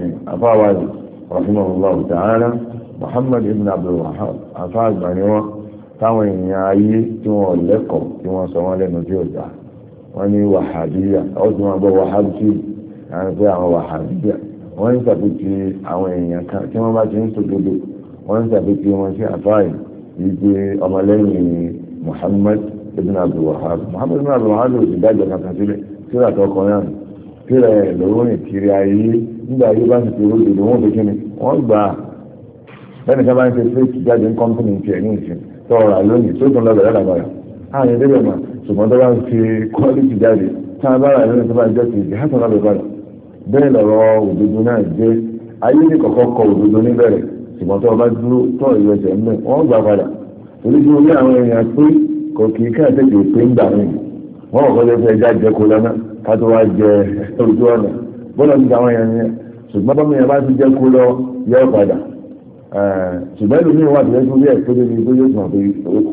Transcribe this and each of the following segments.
ni àfáwáyé rahimahullahu ta'ala muhammad ibn abdulwahab àfáàgbà ni wọ́n táwọn èèyàn ayé tí wọ́n lẹ́kọ̀ọ́ tí wọ́n sọ wọ́n lẹ́nu tí ó dá wọ́n ní wàhábíyà ó sì máa gbọ́ wàhábí àwọn pé àwọn wàhábíyà wọ́n ń sàbítí àwọn èèyàn kan tí wọ́n bá ti ń sòdodo wọ́n ń sàbítí wọn sí àfáàyè ìgbé ọmọlẹ́yìn muhammad ibn abdulwahab muhammad ibn abdulwahab ló ti dájọ́ kankan sílẹ̀ sílẹ̀ àtọkọ náà sílẹ̀ lóró ìkiri ayé nígbà yóò bá ti tèrò dòdò wọn lójú ni wọn gbà á lẹ́nu ká bá ń ṣe fake jáde ń kọ́ńtínì tiẹ̀ ní ìsìn tọ́ra lónìí tó tún lọ́bẹ̀rẹ̀ lágbára ààrẹ débẹ̀ mà ṣùgbọ́n tó bá ń fi kọ́lìtì jáde tá a bára lónìí tó bá jẹ́ ti ìdí hàtàn lábẹ́ bẹ́ẹ̀ lọ́rọ̀ òdodo náà jẹ́ ayé ní kọ̀kọ́ kọ òdodo níbẹ̀rẹ̀ ṣùgbọ́n tó bọ́lá ti àwọn èèyàn yẹn ṣùgbọ́n bọ́mọ yẹn bá ti jẹ́ kó lọ yọ padà ṣùgbọ́n ìlú mi wà tó yẹ kó rí ẹ̀ tó débi tó yóò sàn pé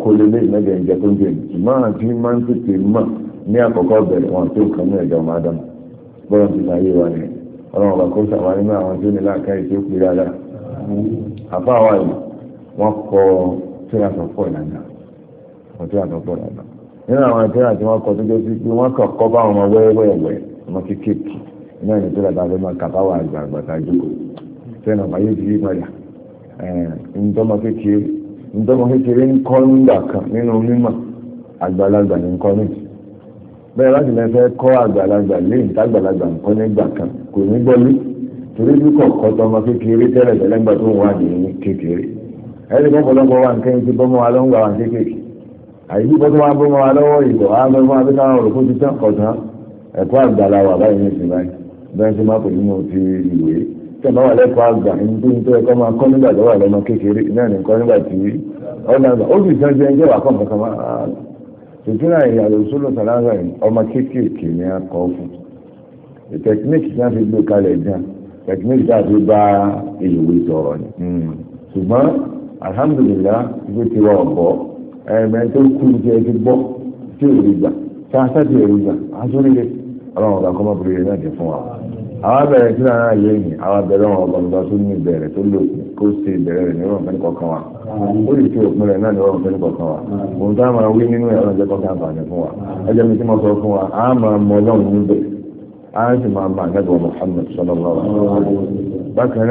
kó lè lé ìmẹ́jẹ ìjẹ tó ń jẹ ṣùgbọ́n àti máa ń tètè mọ̀ ní àkọ́kọ́ bẹ̀rẹ̀ wọn tó nǹkan náà ẹ̀jọ̀ máa dánù bọ́lá ti máa yé wa ni ọlọ́run ọba kó sàwọn nínú àwọn tó ní láàká ètò ó pè rárá àfa wa yìí wọ́n kọ tíra tó pọ̀ ìlànà wọ́n tíra tó pọ̀ ìlànà nínú àwọn náà ní tíra tàbí máa kàbáwà àgbààgbà tàjókò tẹ́nà fàyè ti yí padà ǹtọ́mọ kékeré ń kọ́ nígbà kan nínú mímọ̀ àgbàlagbà ní kọ́ nìyí bẹ́ẹ̀ láti lè fẹ́ kọ́ àgbàlagbà lé nígbà kan kò ní gbọ́lé torí bí tọmọ kékeré tẹ́lẹ̀ tẹ́lẹ̀ gbà tó wà ní kékeré tó wa bẹ́ẹ̀ tí máa pè nínú ti ìwé tí ọba wà lẹ́kọ̀ọ́ àgbà ní tó ń tó ẹ̀kọ́ máa kọ́ nígbà tó wà lọ́mọ kékeré náà nìkan nígbà tí ọ̀nà àgbà ó sì sàn jẹ́ ẹjẹ́ wà kọ̀ọ̀kan kan máa tòtún náà ìyàlò sólò sàlágà yìí ọmọ kéékèèké ni a kọ́ fún tẹkiníkì tí wọ́n fi gbé kalẹ̀ gan tẹkiníkì tí a fi bá ìwé sọ̀rọ̀ ni hmm. ṣùgbọ́n alhamdulillah ibi tí wọ́n bọ̀ ẹ̀mẹ́ tó kú jẹ́ ti gbọ́ tí ò rí gbà sáà sáà ọlọ́run ọba kọ́mọ́ bèrè náà ti fún wa àwọn abẹ̀rẹ̀ tí náà yé yìí àwọn abẹ̀rẹ̀ wọn ọba ọba tó ní ìbẹ̀rẹ̀ tó lò kó ṣe ìbẹ̀rẹ̀ rẹ̀ nírọ̀ fẹ́ kọ̀ọ̀kan wa ó lè ṣe òpin rẹ̀ náà nírọ̀ fẹ́ kọ̀ọ̀kan wa òun tá a máa wí nínú ẹ̀rọ jẹ́ kọ́kàn àǹfààní fún wa ẹjẹ́ mi tí mo sọ fún wa a máa mọ ọlọ́run níbẹ̀ a sì máa máa nẹ́bọ̀ Muhammad sallallahu alaihi bákan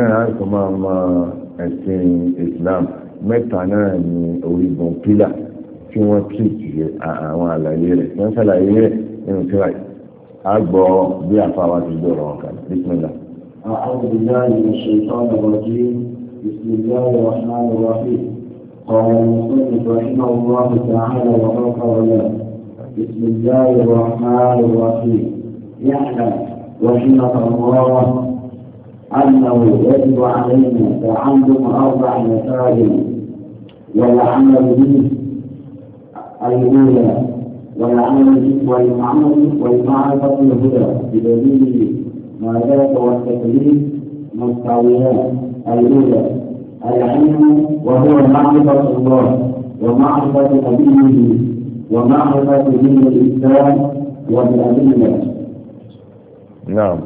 náà a sì máa أكبر بيع فوات الدور وكذا بسم الله أعوذ بالله من الشيطان الرجيم بسم الله الرحمن الرحيم قال المصنف رحمه الله تعالى وفق له بسم الله الرحمن الرحيم يعلم رحمه الله أنه يجب علينا تعلم أربع مسائل والعمل به الأولى والعمل به والعمل والمعرفة الهدى بدليل ما ذاك والتكليف مستويان الهدى العلم وهو معرفة الله ومعرفة نبيه ومعرفة دين الإسلام والأدلة. نعم.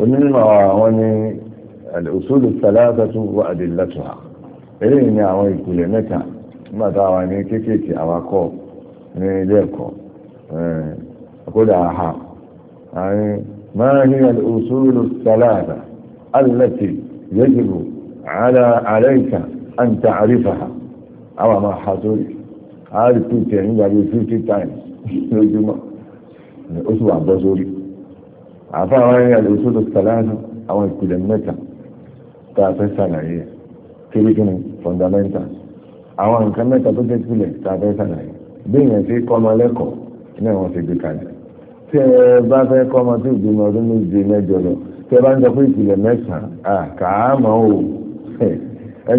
ومن ومن الأصول الثلاثة وأدلتها. إلينا ويكون كلمتها ما وأني كيكيكي أواكو ilé ẹ̀kọ́ àhà máa ní ala àwọn àmà àárí tó tẹ̀ nígbà times lójúmọ́ ó sì wà bọ́ sórí àfa àwọn ẹni àwọn ìpìlẹ̀ mẹ́ta tá a fẹ́ sàlàyé àwọn nǹkan mẹ́ta tó tá a fẹ́ sàlàyé bí èèyàn ti kọ́ ọmọ lẹ́kọ̀ọ́ náà wọ́n ti gbé kalẹ̀ tí ẹ bá fẹ́ kọ́ ọmọ tó gbé ọmọ ọdún méje mẹ́jọ lọ tí ẹ bá ń sọ pé ìpìlẹ̀ mẹ́sàn-án kàámọ́ o ẹ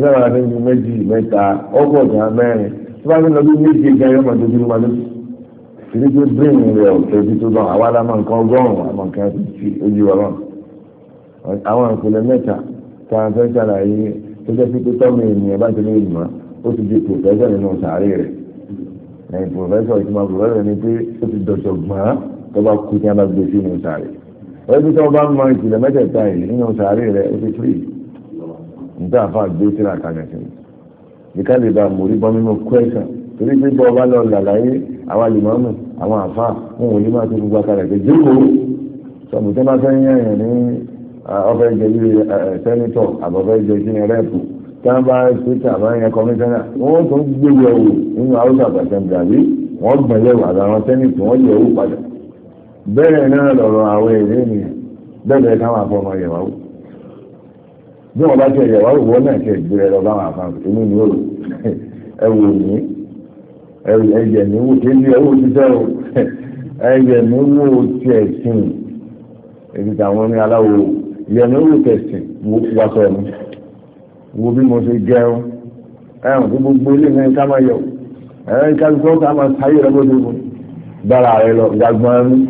sábà ní ibi méjì mẹ́ta ọgbọ̀n ọ̀gá mẹ́rin tí wọ́n ti lọ bí méje gan yóò máa dojú lọ́mọdé tìrí tó bíìn rẹ̀ ọ̀tọ̀ ibi tó lọ́n àwa lámọ̀ nǹkan ọgọ́rùn-ún àmọ̀ nǹkan ti ojú ọlọ́run àwọn ìpìlẹ̀ mẹ́ta tá a fẹ́ ṣàlàyé tó jẹ́ pé tó ènìyàn bá ti lè mọ̀ ó ti di pòfẹ́sọ̀ nínú sàárè rẹ̀ ẹ̀yìn pòfẹ́sọ̀ ìtumọ̀ pòfẹ́sọ̀ ni pé ó ti dọ̀tọ̀ gbọ́n tó bá kú ní alágbé sí inú sàárè ẹbí tó bá mọ ìpìlẹ̀ mẹ́tẹ̀ẹ̀ta yìí nínú sàárè rẹ̀ ó ti firi níta àfa gbé síra kalẹ̀ sí i ìka lè ba mórí bọ́ nínú kwẹ́sàn torí pé bọ́ ọba lọ làlàyé àwọn àlùmọ́ọ́mù àwọn àfa fún òní máa ti gbogbo akalẹ̀ pé jókòó sọ̀bùtẹ́ bá fẹ́ yẹn ní ọbẹ̀ jẹ́ sẹ́nitọ̀ àbọ̀fẹ́ jẹ́ sí rẹ́pù tán bá ṣètò àbáyẹn kọmíṣánná wọ́n tó ń gbé yẹ̀wò nínú haúsá àbàtàn gàrí wọ́n gbọ̀n yẹ̀wò àtàwọn sẹ́nìtì wọ́n yẹ̀wò padà bẹ́ẹ̀ náà lọ̀rọ̀ àwọn ni, ènìyàn bẹ́ẹ̀ káwọn afọmọ yẹ̀wò bí wọ́n bá tẹ̀ yẹ̀wò wọ́n náà tẹ̀ gbé lọ báwọn afọ inú ni ó rò ẹ̀wò ní ẹ̀jẹ̀ ní wò kí ní ẹ̀wò ti tẹ́ o ẹ̀jẹ̀ ní wò ti ẹ̀sìn èyí tàwọn ní aláwo yẹ̀ ní wò tẹ̀sìn wọ́pọ̀ wo bí mo ṣe gẹrun ẹ̀rùn tó gbogbo ilé ní ká máa yọ ẹ̀rọ ní kájú kọ́ńtà máa sáyé rẹ bóde mu dára rẹ lọ gbàgbọ́n ẹnu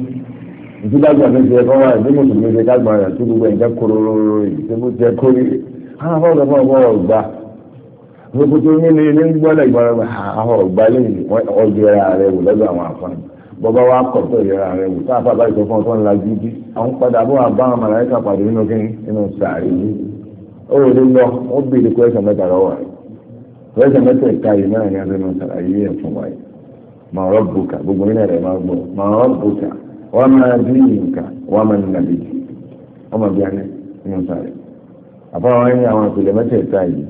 ìtú dágbà mi ti ẹ̀kọ́ wa ìdí mùsùlùmí ṣe dágbà rẹ tó gbogbo ẹ̀jẹ̀ kóróró ìdí mo ti ẹ̀kọ́ rí àwọn afọ́dọ̀ fún ọgbọ́n ọ̀gbà gbogbo tó ní ní ní gbọ́dọ̀ ìgbọ́dọ̀ àwọn ọ̀gbà lẹ́yìn ọjọ́ra rẹ wò lọ́dọ̀ àwọn àfọ́n bọ́bá rẹ wò tá a fà bá ìsọfún ọ̀tọ́ ńlá gidi àwọn padà bọ́ àbá àwọn màláìka pàdé nínú kí nínú sàárè yìí ó wò ló lọ ó bèrè kwẹ́sàn mẹ́ta lọ́wọ́ rẹ̀ kwẹ́sàn mẹ́ta ìka yìí náà ní abẹ́nu àyè ẹ̀ fún wa yìí màá rọ́ bùkà gbogbo nínú rẹ̀ máa gbọ́ màá rọ́ bùkà wọ́n máa bí nǹkan wọ́n máa nà bí ọmọ bí alẹ́ nínú sáré àbáwọn ẹni àwọn ìpìlẹ̀ mẹ́ta ìka yìí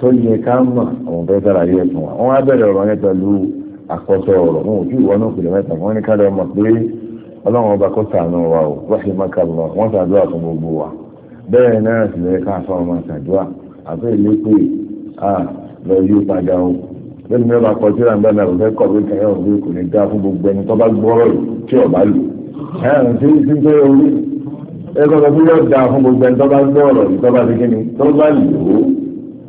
tó yẹ ká mà àwọn fẹ́ sára yẹ fún wa wọ́n á bẹ̀rẹ̀ ọ̀rọ̀ yẹn pẹ̀lú àkọ́tọ̀ ọ̀rọ̀ wọn ò tí ìwọ́n náà pìlẹ̀ mẹ́ta ní bẹ́ẹ̀ náà sì lè ká àfa ọmọ àtàdúrà àfi ìlú pé a lọ yí padà o lẹ́nu mi bá kọ sí ra nígbà náà òfẹ́ kọ̀ pé kẹ́yọ̀ pé kò ní dá fún gbogbo ẹni tó bá gbọ́rọ̀ tí ọ̀bá lò ẹ̀ ẹ̀ ti ti pé orí ẹgbẹ́ kan tó yọ̀ dá fún gbogbo ẹni tó bá gbọ́rọ̀ tó bá ti kíni tó bá lò ó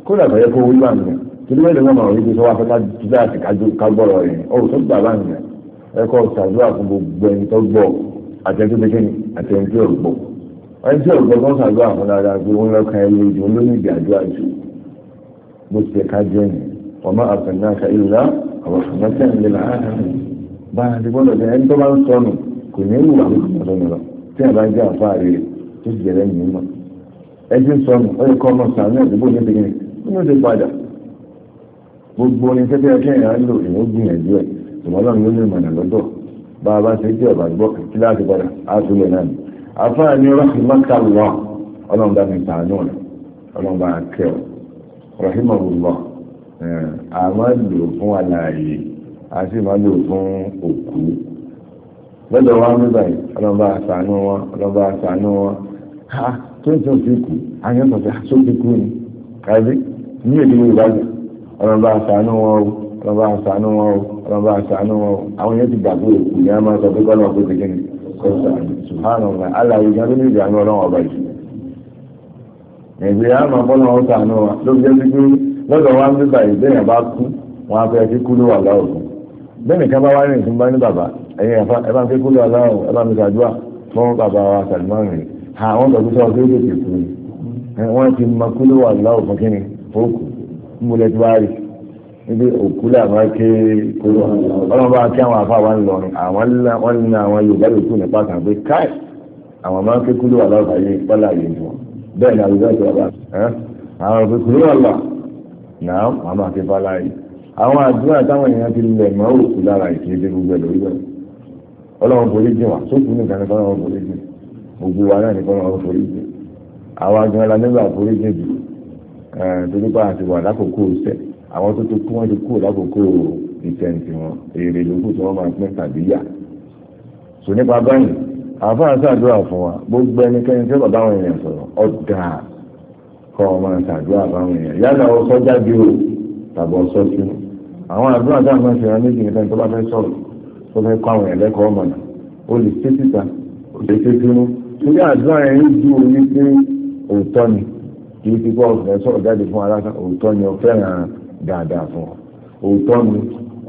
kó dàgbà yẹ kó wí wà nìyẹn torí wẹ́n lè mọ̀ àwọn ibi tó wá fẹ́ ká gbọ́rọ̀ rẹ̀ ó tó gbọ́ àtẹ̀ntó wọ́n tí òkú kan sàdúrà fún dáadáa pé wọ́n lọ́kàn ẹlẹ́ ìdí olóyún ìdí àdúrà jù bó ti ẹ̀ka jẹ́ ni wọ́n máa àfẹ́ náà ṣe ìlú náà àwọn àmọ́tẹ́ ń lè láàárín bá a ti gbọ́dọ̀ jẹ́ ẹni tó bá ń sọnù kò ní ìlú àwọn ìgbìmọ̀ sọnù lọ tí àbá jẹ́ àfáàrí rẹ̀ tó ti jẹ́ lẹ́yìn mímọ́ ẹ ti sọnù ó yẹ kọ́ ọmọ sàánú àdúgbò ní ti gbìn nínú ti padà gbogbo orin tẹ́tẹ́ ní ìmọ̀nà àfáà ní ọlọ́run bá mi ọlọ́run bá kẹ́ ọ eh, a lò fún àlàyé a sì lò fún òkú lọ́dọ̀ wa mi báyìí ha tó ń àyàn kú ni kábí ní èdè yorùbá jù ọlọ́run bá wọn o ọlọ́run bá wọn o ọlọ́run bá wọn o àwọn yẹn ti òkú ni a máa sọ pé kọ́lọ́ ọ̀pọ̀ ti kí kọta sùhánù ọ̀gá aláwo ìjà ló ní ìjà ní ọlọ́wọ́ ọba yìí ẹgbẹ́ àmọ́ bọ́lá wọn sànù wa ló jẹ́ sí pé lọ́dọ̀ wa ń bíbà yìí bẹ́ẹ̀ bá kú wọn á fẹ́ kí kú ló wà láwọ̀ fún bẹ́ẹ̀ nìkan bá wá rìn fún bá ní bàbá ẹ̀yìn ẹ̀fà ẹ bá ń fẹ́ kú ló wà láwọ̀ ẹ bá mi ṣàdúrà fún bàbá wa sàlùmọ́n rìn àwọn wọ́n ti mọ kú ló níbi òkú làwọn ké kóró ọlọ́run bá kí àwọn afá wa ń lọrin àwọn wọn ní àwọn yorùbá yòókù nípa kan pé káì àwọn máa ké kúrò wà lọ́ọ̀bà yìí pọ́lá yìí wọn bẹ́ẹ̀ ni àwùjọ ìjọba bá àwọn òkú kúrò wà lọ́ọ̀ náà wọn máa ké pọ́lá yìí àwọn àdúrà táwọn èèyàn ti lẹ̀ mọ́ òkú lára ìkéde gbogbo ẹ̀ lórí bẹ́ẹ̀ ọlọ́run forí jìn wá sókùn nìkan ní kọ́lọ́run forí jìn gbogbo àwọn tó tó kú wọ́n ti kú lákòókò ìfẹ̀ǹtì wọn èrè lókù tí wọ́n máa pín tàbí yà sọ nípa báyìí àfáà ṣàdúrà fún wa gbogbo ẹnikẹ́ni tí bàbá àwọn èèyàn sọ̀rọ̀ ọ̀dà kọ́ ọ máa ṣàdúrà fáwọn èèyàn yálà ọsọ jáde o tàbí ọsọ sínú àwọn àdúrà tá a máa ṣe wọn méjì nìkan tó bá fẹ́ sọ̀rọ̀ tó fẹ́ kọ́ àwọn ẹ̀lẹ́kọ̀ọ́ mọ̀nà o lè ṣe síta o lè ṣe sínú torí àdúrà yẹn ń ju omi pé òótọ́ ni kì í ti kọ́ ọ̀fẹ́ sọ̀rọ̀ jáde fún aláṣà òótọ́ ni ọ̀fẹ́ràn dáadáa fún ọ òótọ́ ni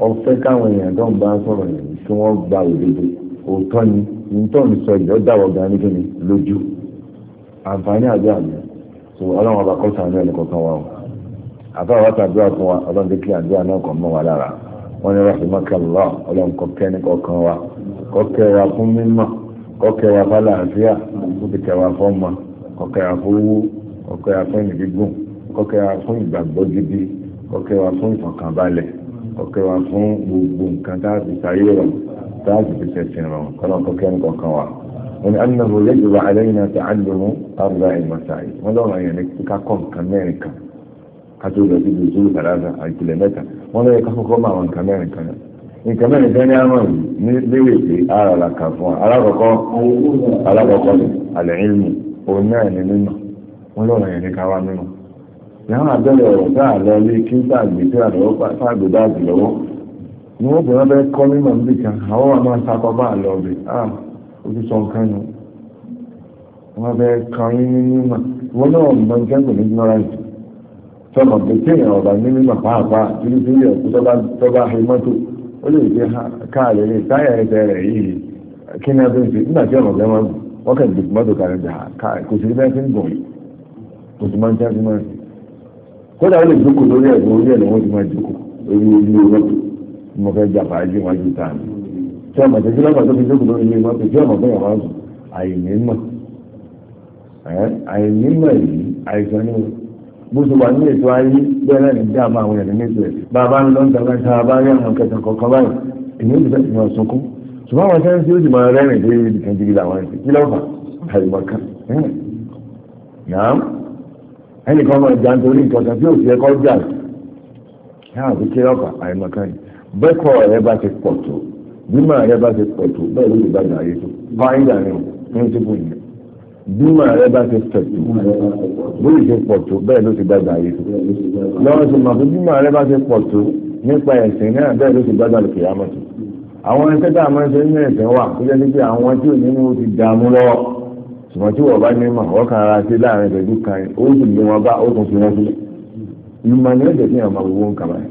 ọfẹ́ káwọn èèyàn tó ń bá sọ̀rọ̀ yẹn wọ́n gba òdodo òótọ́ ni nítorí ń sọ ìyọ́ dáwọ́ gan ní kíni lójú àǹfààní àmì so ọlọ́run ọba kọ́ sàánú kọ̀ọ̀kan wa o àbá wa fún wa ọlọ́run kí àdúrà náà kàn mọ́ wa lára wọ́n ní ọlọ́run fún wa fún àlàáfíà wa fún ọmọ fún owó ọkẹ́ wa fún ìfọ̀kànbalẹ̀ ọkẹ́ wa fún gbogbo nǹkan táàbì sáyé rọ̀ táàbì fi sẹ̀sìn rọ̀ kọ́nà kọ́kẹ́ ń kọ̀ọ̀kan wa wọn annahu yajibu alayna ta'allumu arba'i masail wọn lọ́rọ̀ yẹn ní ká kọ́ nǹkan mẹ́rin kan ká tó lọ síbi ìṣúlù tàlàtà àìkìlẹ̀ mẹ́ta wọn lọ́yẹ ká kọ́kọ́ máa wọn nǹkan mẹ́rin kan nǹkan mẹ́rin kan ní àmọ́ ní léwè pé ara la kà fún wa alákọ̀ọ́kọ́ alákọ̀ọ́kọ́ ìhàn àbẹ̀rẹ̀ ọ̀rọ̀ táà lọ lé kí tàgbé tí àlọ́wọ́ tàgbé báàgì lọ́wọ́ ni wọ́n bẹ̀rẹ̀ bẹ́ẹ̀ kọ́ mímọ̀ níbi kan àwọn wà máa sakọ bá ah ojú sọ nǹkan nu wọ́n bẹ́ẹ̀ kan ní mímọ̀ wọ́n náà mọ nǹkan kò ní ignorance sọmọ pé kéèyàn ọ̀bà ní mímọ̀ ọ̀kú tọ́ba mọ́tò ó lè jẹ́ káàlẹ́ ní táyà ẹsẹ̀ rẹ̀ yìí kí ni a fi ń kódà ó lè jókòó lórí ẹ̀gbọ́n orí ẹ̀ lọ́wọ́ ti máa jókòó lórí orí olóòtú tí mo fẹ́ jà fàájì wájú tá tí ọmọ tẹ́jú lọ́gbà tó fi jókòó lórí ilé mọ́tò tí ọmọ bẹ́ẹ̀ máa ń sùn àìnímọ̀ àìnímọ̀ yìí àìsàn ní bó ṣe wà ní ètò ayé bẹ́ẹ̀ ní dáàmú àwọn ènìyàn ní ètò ẹ̀. bàbá ń lọ ń tàbí ta bá rí àwọn kẹta kọ̀ọ̀kan báyìí èmi ò ti máa sunkún ṣùgbọ́n àwọn sẹ́ńsì ó sì máa rẹ́rìn dé ibi kan jìgìlà àwọn ẹ̀sìn kí lọ́fà àìmọ̀kan ẹnìkan máa jà nítorí nǹkan kan tí òsì ẹ̀kọ́ jà yáà fi kí ọkà àìmọ̀kan yìí bẹ́kọ̀ rẹ bá ti pọ̀ tó bímọ rẹ bá ti pọ̀ tó bẹ́ẹ̀ ló lè bá jà yé tó báyìí ni píríncípù yìí bímọ rẹ bá ti pọ̀ tó bóyì ti pọ̀ tó bẹ́ẹ̀ ló ti bá jà yé tó lọ́wọ́ ti mọ̀ pé bímọ rẹ bá ti pọ̀ tó nípa ẹ̀sìn náà bẹ́ẹ̀ ló ti bá jà lókè àmọ́ àwọn ẹgbẹ́ tá a máa ń ṣe nínú ẹ̀sìn wà kó jẹ́ ṣùgbọ́n tí wọ́n bá ní mọ̀ wọ́n kan ara sí láàrin ìgbẹ́jú kan ó sì lé wọn bá ó tún fi wọn sílẹ̀ ìmọ̀ ni ó jẹ́ kí àwọn gbogbo nǹkan báyìí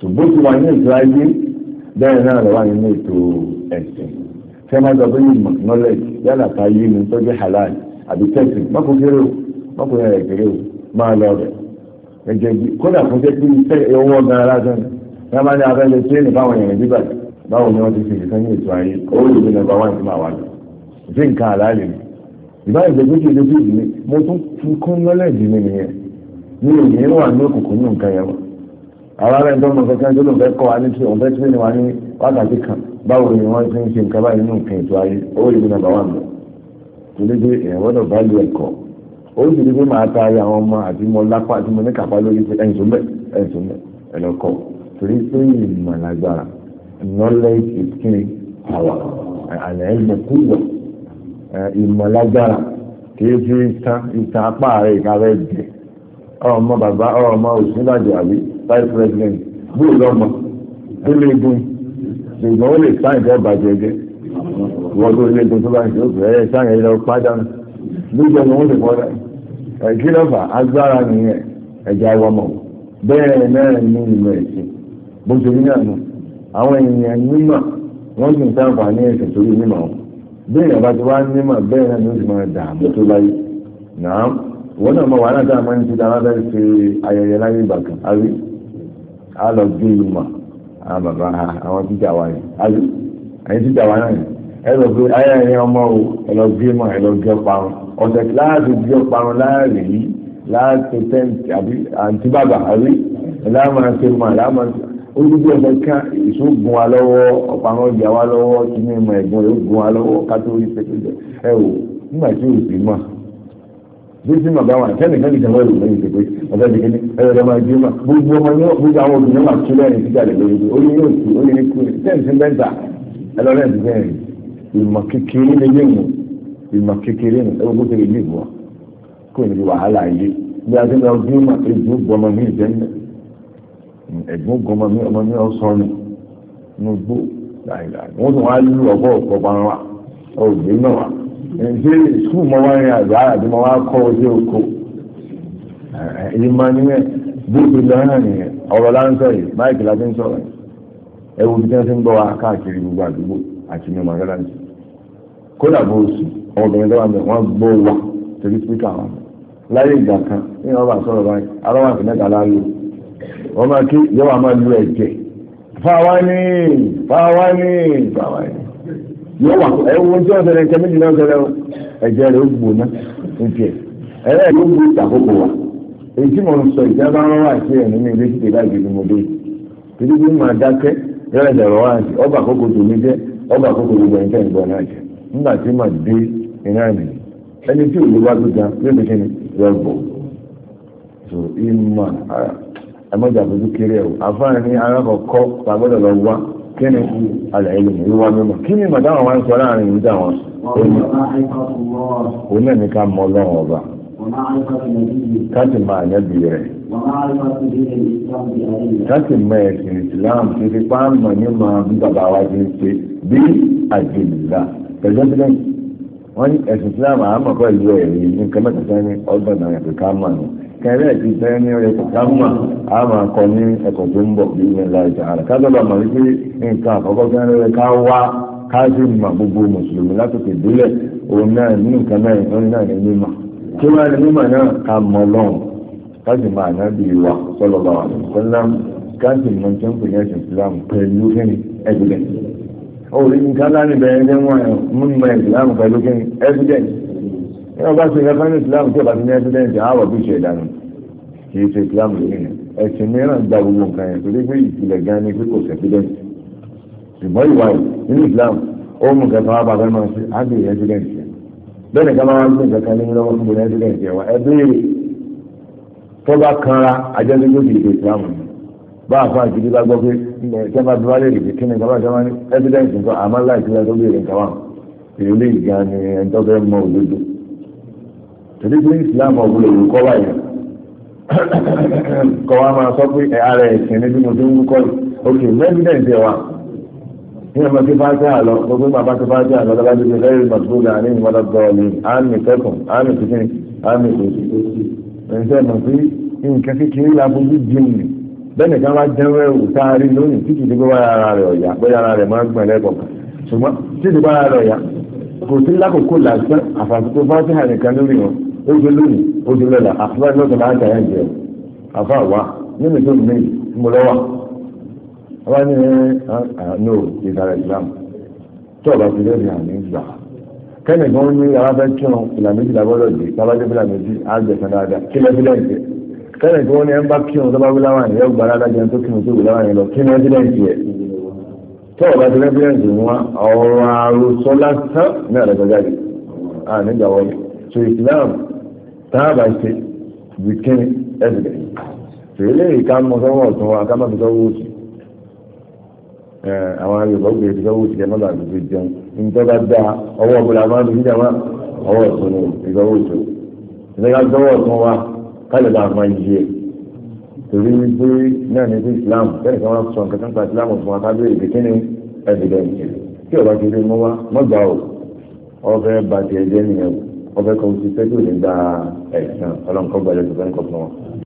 ṣùgbọ́n tí wọ́n ní ètò ayé bẹ́ẹ̀ náà lọ́wọ́ nínú ètò ẹ̀sìn fẹ́ máa sọ pé ìmọ̀ knowledge yálà ta yé mi tó jẹ́ halal àbí tẹ́sì mọ́kò kéré o mọ́kò yẹn rẹ̀ kéré o máa lọ rẹ̀ ẹ̀jẹ̀ bí kódà fún jẹ́ pé owó ọ̀gá lásán ní wọ́n ní abẹ́lé tírénì báwọn èèyàn bíbà báwo ni wọ́n ti fi ìfẹ́ ní ètò ayé owó ìlú nàbà wà ní máa wà lọ sí nǹkan àlàálẹ̀ mi ìbáyìí jẹ́ gbèsè lójú ìdí mi mo tún fi kún lọ́lẹ̀ mi nìyẹn mi ò ní wà ní òkùnkùn ní nǹkan yẹn wọn àwọn ará ẹ̀dọ́ ọmọ kankan tó fẹ́ kọ́ wa ní tí òun fẹ́ tí wọ́n ní wákàtí kan báwo ni wọ́n ti ń ṣe nǹkan báyìí nínú nǹkan ètò ayé owó ìlú nàbà wà mọ́ torí pé èèyàn gbọ́dọ̀ bá lu ẹ̀kọ́ ó sì rí pé máa ta ayé àwọn ọmọ àti mo lápá àti mo ní lórí pé ẹ̀yìn mẹ́ ẹ̀yìn mẹ́ ẹ̀lọ́kọ̀ torí pé ìmọ̀ knowledge is king power and ẹ̀yìn kúrò Eh, ìmọ̀lágbára kìí sí ìtàn apá rẹ̀ ìkàrẹ́ jẹ ọmọ bàbá ọmọ òsínbàjò àbí vice president bóò lọ́mọ tó lè gun ṣùgbọ́n ó lè sáyìn tó bàjẹ́ jẹ́ wọ́n tó lè gun tó bá ṣe ó eh, sáyìn ẹ̀rọ ni wọ́n lè eh, kí ló fà agbára nìyẹn ẹ̀já ìwọ́mọ̀ bẹ́ẹ̀ náà ní ẹ̀sìn bó ṣe ní àwọn nímọ̀ wọ́n sì ń sáǹfà ní ẹ̀sìn torí bí èèyàn bá ti wá ní mà bẹ́ẹ̀ náà ló ti máa dààmú tó láyé náà wọ́n náà mọ wàhálà tá a máa ń ti dáná bẹ́ẹ̀ ṣe ayẹyẹ láyé ìgbà kan àbí a lọ gbé ìmọ̀ àwọn bàbá àwọn tíjà wa yẹn àbí ẹ̀yin tíjà wa náà yẹn ẹ lọ gbé ayẹyẹ ọmọ o ẹ lọ gbé mọ̀ ẹ lọ gbé parun ọ̀sẹ̀ láti gbé parun láàrin yìí láti tẹ́ǹtì àbí àǹtí bàbà àbí ẹ̀ láàmú àti mọ̀ láàmú àti olùdíje ọmọ ìka ìṣún gun wa lọ́wọ́ ọ̀pàrọ̀ ọjà wa lọ́wọ́ tí ní ìmọ̀ ẹ̀gbọ́n rẹ̀ ó gun wa lọ́wọ́ kátó orí pẹ̀lú ẹ wò nígbà tí òsì mọ̀ bí sí màbá wa kẹ́nìkan nìkan wọ́n ìròyìn ìṣe pé ọ̀gá ìdíkẹ́ ní ẹ̀rọ ọmọ ẹgbẹ́ mà gbogbo ọmọ yẹn gbogbo àwọn obìnrin mà tún lẹ́yìn sí jàlẹ̀ lórí ó ní yóò tù ó ní ní kú tẹ́ǹsì mẹ́ta ẹlọ́rẹ́ ti bẹ́ẹ̀ ìmọ̀ kékeré lẹ́yìn mọ̀ ìmọ̀ kékeré ní ẹgbẹ́ gbogbo ìlú ìwọ̀ kó ìrìn wàhálà yìí bí a ti ń lọ bí mà èjì ó bọ́ ọmọ mi ìjẹ́ mẹ́ta ẹ̀gbọ́n gan ọmọ mi ọmọ mi ọ̀sán ni inú gbó láìláì wọ́n tún wá lù ọ̀pọ̀ ọ̀pọ̀ pa wá ògbé náà wá ṣé sùkúù mọ wá rìn àgbà àti mọ wá kọ́ ojú oko máa ní yẹn nìyẹn ọ̀rọ̀ gbogbo àdúgbò àti ní kódà bó ọmọbìnrin dáwà wọ́n gbọ́ wọn láyé ìgbà kan ní wọ́n máa kí yọ́wà máa lu ẹ̀jẹ̀ fáwání fáwání fáwání yọ́wà ẹ̀wọ̀n tí wọ́n sẹ̀rẹ̀ ẹ̀jẹ̀ méjì náà sẹ̀rẹ̀ ẹ̀jẹ̀ rẹ̀ ó gbóná ìpè ẹ̀rẹ́ ẹ̀ ló gbé ìtàkókò wa èyí tí mo ń sọ wọn wà sí mo dé tí mo dákẹ́ wá sí àkókò tó mi jẹ́ àkókò ń ẹmọ́jà fojú kéré ẹ̀wò àfáàní ní alákọ̀ọ́kọ́ lọ wá kí ni alẹ́lẹ́ ìwà mímọ̀ kí ni màdáwọn wá ń sọ láàrin wọn o náà ní ká mọ ọlọ́run ọba káàtì máa ẹ̀sìn Islam ti fi páàmù ní máa bí bàbá wa ti ṣe bí wọ́n ní ẹ̀sìn Islam pẹ̀lú ẹ̀rí ọgbọ̀n náà yàtọ̀ ká mọ̀ nù kẹrẹ ti fẹ́ ní ọ̀rẹ́ kàkámà a máa kọ ní ẹ̀kọ́ tó ń bọ̀ bí ìyẹn láì tààrà kájọba mọ̀ wípé nǹkan àkọ́kọ́ kí wọ́n ká wá mà gbogbo mùsùlùmí látòkè délẹ̀ òun náà ní nǹkan náà ìtàn náà ní mímọ̀ kí ní náà ká máa ná bí bá wà ní kíni nǹkan láti ní ọba ṣe ìrẹ́fẹ́ ní islam tí ọba ti ní ẹ́fídẹ́ǹtì àwọ̀ bí ṣe ìdánù kì í ṣe islam lónìí ẹ̀sìn mìíràn gba gbogbo nǹkan yẹn torí pé ìpìlẹ̀ gan ni pé kò sẹ́fídẹ́ǹtì ṣùgbọ́n ìwà nínú islam ó mú kẹta wá bàbá máa ṣe á bèèrè ẹ́fídẹ́ǹtì yẹn bẹ́ẹ̀ ká máa ń gbé nǹkan kan ní lọ́wọ́ fún bóyá ẹ́fídẹ́ǹtì yẹn wá ẹ béèrè bá àfa àjùdí bá gbọ́ pé ìjọba bí wálé rèé kí ni ìjọba ìjọba ní ẹ́fídẹ́ǹtì nǹkan àmọ́ láì sílẹ̀ tó béèrè nǹkan wà èyí lè gan ni ẹni tó mọ òdodo torí pé islam ọ̀gbọ́n lè kọ́ báyìí kọ́ wa máa sọ pé ara ẹ̀sìn ní bí mo ti ń kọ́ yìí ok mẹ́bídẹ̀ǹsì ẹ̀ wa ní ọmọ tí fájá àlọ gbogbo bàbá tí fájá àlọ lọ́la bíi lẹ́yìn màtúgbòlà ní ìmọ̀lá gọ́ọ̀lì àmì kẹ́kùn àmì kìkìn àmì kòsì ẹ̀ǹsẹ̀ mọ̀ sí nǹkan kékeré lábúgbú jẹun ni bẹ́ẹ̀ nìkan wá jẹ́wọ́ ẹ̀wù tá a rí lónìí títí tí gbogbo ara rẹ̀ ọ̀yà bóyá ara rẹ̀ máa ń gbọ̀n lẹ́kọ̀ọ́ ṣùgbọ́n títí gbogbo ara rẹ̀ ọ̀yà kò sí lákòókò làásán àfàsùkò fájá nìkan lórí wọn ó jẹ àfúrá lọ́dọ̀ máa ń tàyà jẹ àfa wa nínú tó mi mo àwa ní àánú ìdára Islam tó ọba fi lẹ́bi àmì gbà kẹ́ni kan ní alábẹ́ kírun ìlànà méjì lábọ́dọ̀ dé tábàjẹ́ bí lànà dáadáa kí lẹ́bi lẹ́yìn jẹ kẹ́ni kan ní ẹ̀ ń bá kírun tó bá wí gbára adájọ́ tó kírun tó wí láwọn àyẹ̀lọ kí lẹ́bi lẹ́yìn jẹ tọ́wọ́ bá ti rẹ́fẹ́rẹ́ǹsì wọn ọ̀rọ̀ àròsọ lásán ní àdàgbàjáde ànígbà táàbà ṣe wìkín ẹ̀sìlẹ̀ tòlé ìka mọ́ sọ́wọ́ ọ̀tún wa ká má fi sọ́wọ́ òsì àwọn Yorùbá gbé fi sọ́wọ́ òsì kẹ́ mọ́tà àti fi jẹun nítorí bá da ọwọ́ ọ̀gbọ̀n àwọn àti fíjà máa ọwọ́ ọ̀tún ní ìsọ́wọ́ òsì ìsọ́wọ́ sọ́wọ́ ọ̀tún wa kálẹ̀ bá máa yí ẹ̀ torí wípé náà ní ti Islam kẹ́ni kan wá sọ nǹkan kan pa Islam fún wa kábíyèsí bikini evidence tí ọba ti ọbẹ̀ kan ti fẹ́ tó lè gba ẹ̀sán ọlọ́nkọ́ gbàjọ tó fẹ́ kọ̀ọ̀kan wọn.